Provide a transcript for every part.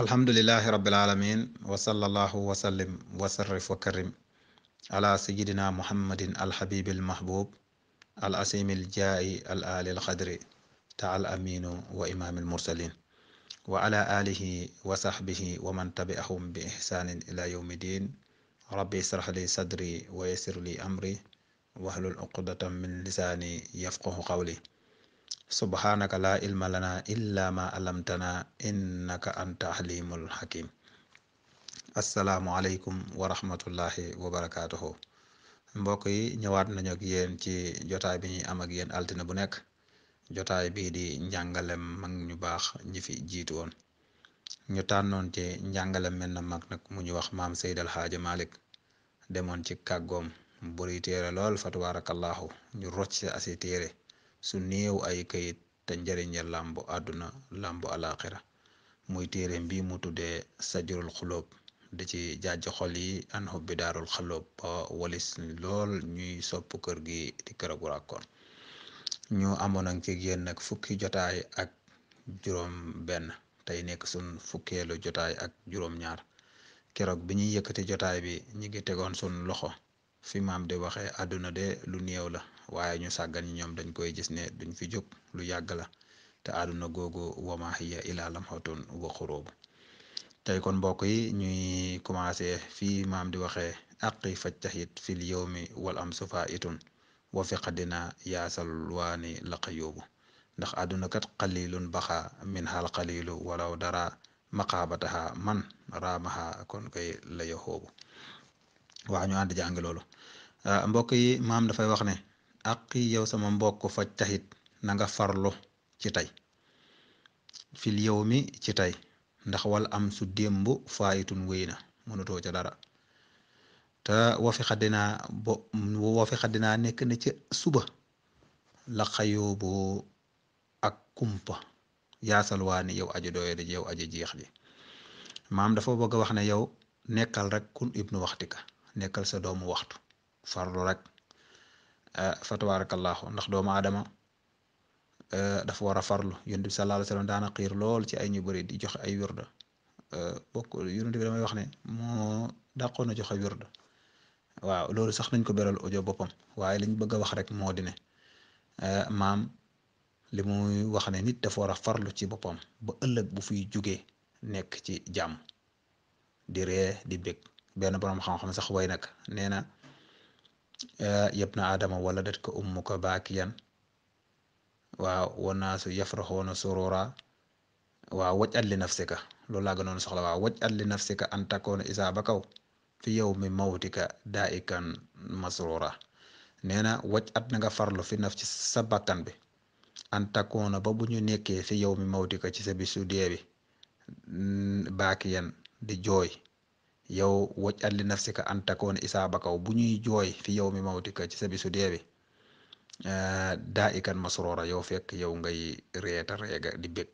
alhamdulilahi rabbil alamin wa sallallahu wa sallim wa sarrif wa karim ala sayidina muhammadin alhabibil mahbub al asimil jaa'i al alil xadri taal aminu wa imaamil mursalin wa ala alihi wa sahbihi wa man tabi'ahum bi ihsanin ila yawmi din rabbi israh li sadri wa yassir li amri wahlul uqdatam min lisaani yafqahu qawli subhanaka la ilma lana illa ma alamtana innaka anta alimul hakim asalaamualeykum wa rahmatullahi wa barakatuhu mbokk yi ñëwaat nañu ak ci jotaay bi ñuy am ak yéen altine bu nekk jotaay bii di njàngalem ñu baax ñi fi jiitu woon ñu tànnoon ci njàngalem mel na mag nag wax maam Seyd El Hadji Malick demoon ci kàggoom buri téere lool fa tabaarakallaahu ñu rocc asi téere su néew ay kayit te njariña làmb àdduna làmb alaxira muy téereem bi mu tuddee sajurul xulóob di ci jàjj xol yi an xubbi daarul xalóob ba walis lool ñuy sopp kër gi di këragu ràkkoon ñu amoon ak ci yéen nag fukki jotaay ak juróom benn tey nekk sun fukkeelu jotaay ak juróom keroog bi ñuy yëkkati jotaay bi ñi ngi tegoon sun loxo fi maam de waxee àdduna de lu néew la waaye ñu sàggan ñoom dañ koy gis ne duñ fi jóg lu yàgg la te àdduna googu wamaaxiya ilaa lam xawtoon wa xuróobu kon mbokk yi ñuy commencé fii maam di waxee aqi fajtahit fil yowmi wala am sufa itun wa fi qadina yaasal waani laqa yóobu ndax àdduna kat qalilun baxa min xaal qalilu walaw dara maqaabataha man raamaha kon koy la yo xoobu waa ñu ànd jàng loolu ah, mbokk yi maam dafay wax ne àqi yow sama mbokk faj taxit na nga ci tey fil yow mi ci tey ndax wal am su démb faayitun wéy na mënutoo ca dara te woo fi xaddinaa bo woo fi xaddinaa nekk na ca suba la xayoo boo ak kumpa yaasal waa ni yow aji dooyadi yow ajo jeex ji maam dafa bëgg a wax ne yow nekkal rek kun ibnu waxtika nekkal sa doomu waxtu farlo rek Eh, fa tabaarakallaahu ndax doomu aadama eh, dafa war a farlu yonent bi sallallaahu alayhi wa daana xiir lool ci ay ñu bëri di joxe ay wirda eh, bokk yonent bi damay wax ne moo dàqoon na joxe wirda waaw loolu sax nañ ko beral audio boppam waaye lañ bëgg a wax rek moo di ne maam li muy wax ne nit dafa war a farlu ci boppam ba ëllëg bu fi jugee nekk ci jàmm di ree di bég benn boroom xam-xam sax way nag nee na Eh, yabna adama waladatka ummuka baakiyan waaw wanaasu yafraxoona surura waaw waj at li nafsika loolu laa gënoon soxla waaw waj at li nafsika an takoona isaa ba kaw fi yow mi mawtika daa ikan masrura nee na waj na nga farlu fi naf ci sa bakkan bi an takoona ba bu ñu nekkee fi yow mi mawtika ci sa bisu dee bi di jooy yow woccal at li nafsika an takoon isaaba kaw bu ñuy jooy fi yow mi mawtika ci sa bisu dee bi eh, daa ikan masroora yow fekk yow ngay reeta reega di bég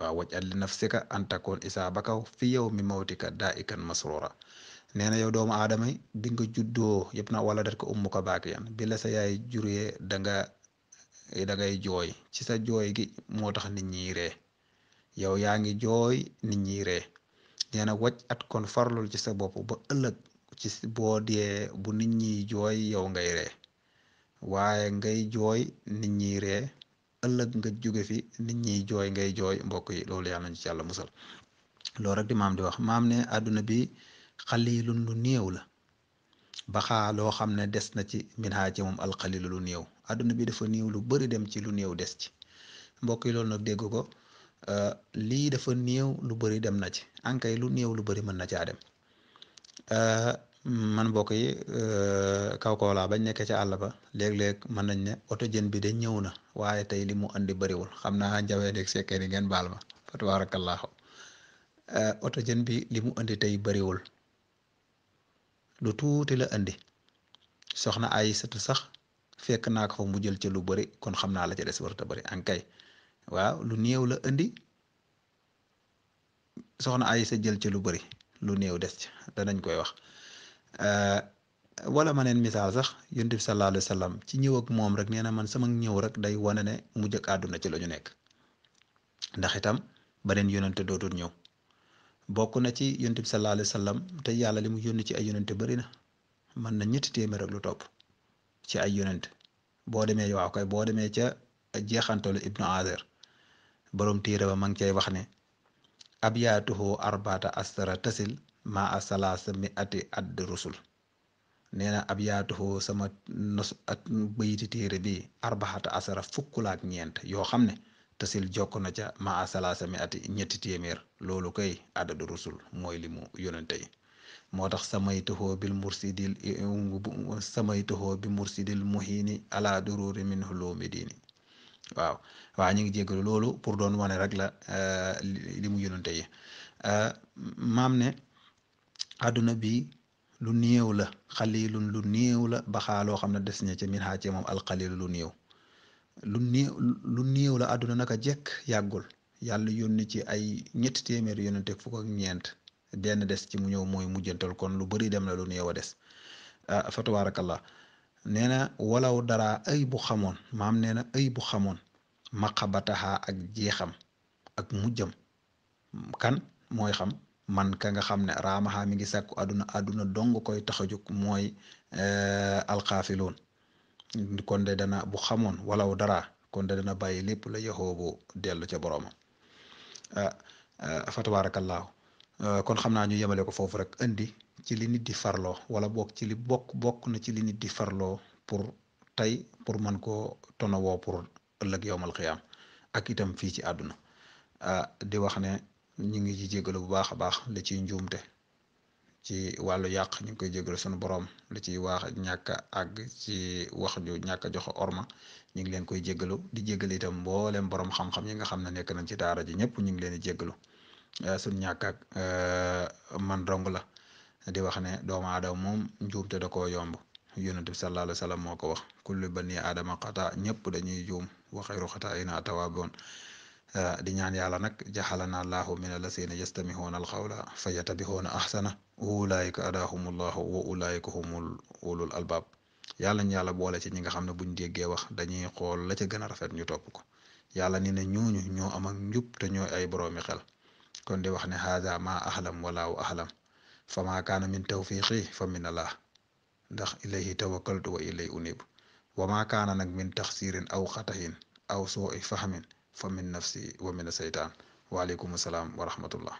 waaw li nafsika an takoon isaaba kaw fi yow mi mawtika daa ikan masroora nee na yow doomu aadama bi nga juddoo yëpp na wala dat ko ummu ko yan bi la sa yaay juree da nga da jooy ci sa jooy gi moo tax nit ñi yow yaa ngi jooy nit ñi ree nee na at kon farlul ci sa bopp ba ëllëg ci boo bu nit ñi jooy yow ngay ree waaye ngay jooy nit ñi ree ëllëg nga jóge fi nit ñi jooy ngay jooy mbokk yi loolu yàlla nañ ci yàlla musal loolu rek di maam di wax maam ne àdduna bi xalilun lu néew la baxaa loo xam ne des na ci min haa ci moom alxalilu lu néew àdduna bi dafa néew lu bari dem ci lu néew des ci mbokk yi loolu nag dégg ko Euh, lii dafa néew lu bari dem na ci ankay lu néew lu bari mën na caa dem euh, man mbokk yi euh, kaw kaw laa bañ nekkee ca àll ba léeg-léeg mën nañ ne oto jën bi de ñëw na waaye tey li mu andi bëriwul xam naa njawee leeg sekkee ni ngeen baal ma fa tabaarakallaahu oto jën bi limu mu andi tey bëriwul lu tuuti la andi soxna ay satu sax fek naa ko fa mu jël ci lu bari kon xam naa la ca des warta bëri ankay waaw lu néew la indi soxna Aysa jël ci lu bëri lu néew des ci danañ koy wax euh, wala ma neen misaal sax yonent bi wa sallam ci ñëw moom rek nee na man sama ñëw rek day wane ne mu jëkk àdduna ci la ñu nekk ndax itam beneen yonante dootul ñëw bokk na ci yonent bi wa sallam te yàlla li mu yónni ci ay yonante bëri na mën na ñetti téeméer lu topp ci ay yonente boo demee waaw kay boo demee ca jeexantalu Ibnu Azer boroom téere ba ma ngi cay wax ne ab yaatuhu arbaata asara tasil ma asalaasa mi ati add rusul nee na ab yaatuhu sama nos at bayiti téere bi arbaata asara fukk la ak ñeent yoo xam ne tasil jokk na ca ma asalaasa mi ati ñetti téeméer loolu kay adadu rusul mooy li mu yonente yi moo tax samay tuxoo bil mursidil samay tuxoo bi mursidil muhiini ala dururi min hulumi waaw waaw ñu ngi jégalu loolu pour doon wane rek la euh, li mu yonante yi euh, maam ne àdduna bi lu néew la xalilun lu néew la baxaa loo xam ne des na ci min xaa ci moom alxalil lu néew lu néew lu néew la àdduna naka jekk yàggul yàlla yónni ci ay ñett téeméeri yonante fukk ak ñeent denn des ci mu ñëw mooy mujjantal kon lu bari dem na lu néew a des euh, fa nee na walaw dara ay bu xamoon maam nee na ay bu xamoon maqabataxaa ak jeexam ak mujjam kan mooy xam man ka nga xam ne raamaxaa mi ngi sàkku àdduna àdduna dong koy tax a jóg mooy eh, alxaafiloon kon de dana bu xamoon walaw dara kon de dana bàyyi lépp la yaxoobu dellu ca boroomam ah, ah, fa tabaarakallaahu ah, kon xam naa ñu yemale ko foofu rek indi ci li nit di farloo wala bokk ci li bokk bokk na ci li nit di farloo pour tey pour mën koo tonawoo pour ëllëg yowmal am ak itam fii ci àdduna ah, di wax ne ñu ngi ci jégalu bu baax a baax la ciy njuumte ci wàllu yàq ñu ngi koy jégalu sunu borom li ciy waax ñàkk àgg ci wax ju ñàkk a joxe orma ñu ngi leen koy jégalu di jégalu itam mbooleem borom xam-xam yi nga xam ne nekk nañ ci daara ji ñëpp ñu ngi leen di jégalu ah, suñ ñàkk ak ah, man dong la. di wax ne doomu aadama moom njuumte da ko yomb yonent bi sallallahu alayhi wa sallam moo ko wax kullu bani aadama xata ñëpp dañuy juum wa xayru xataa'ina at-tawwaabuun di ñaan yàlla nag jaxalana allahu min allazina yastamihuuna alxawla fa yatabihuuna ahsana ulaayika adahumullahu wa ulaayika humul ulul albaab yàlla ñu yàlla boole ci ñi nga xam ne buñ déggee wax dañuy xool la ca gën a rafet ñu topp ko yàlla ni ñu ñooñu ñoo am ak njub te xel kon di wax ne haada ma ahlam walaaw ahlam fa maa kaana min tawfiqi fa min allah ndax ilayhi tawakkaltu wa ilay unib wa maa kaana nag min taxsirin aw xatahin aw soo i fahmin fa min nafsi wa min a seytaan waaleykum salaam wa rahmatullah